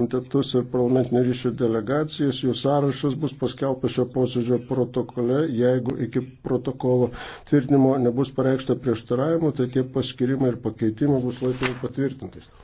komitetus ir parlamentinio ryšių delegacijas. Jų sąrašas bus paskelbtas šio posėdžio protokole. Jeigu iki protokolo tvirtinimo nebus pareikšta prieštaravimų, tai tie paskirimai ir pakeitimai bus laikomi patvirtintais.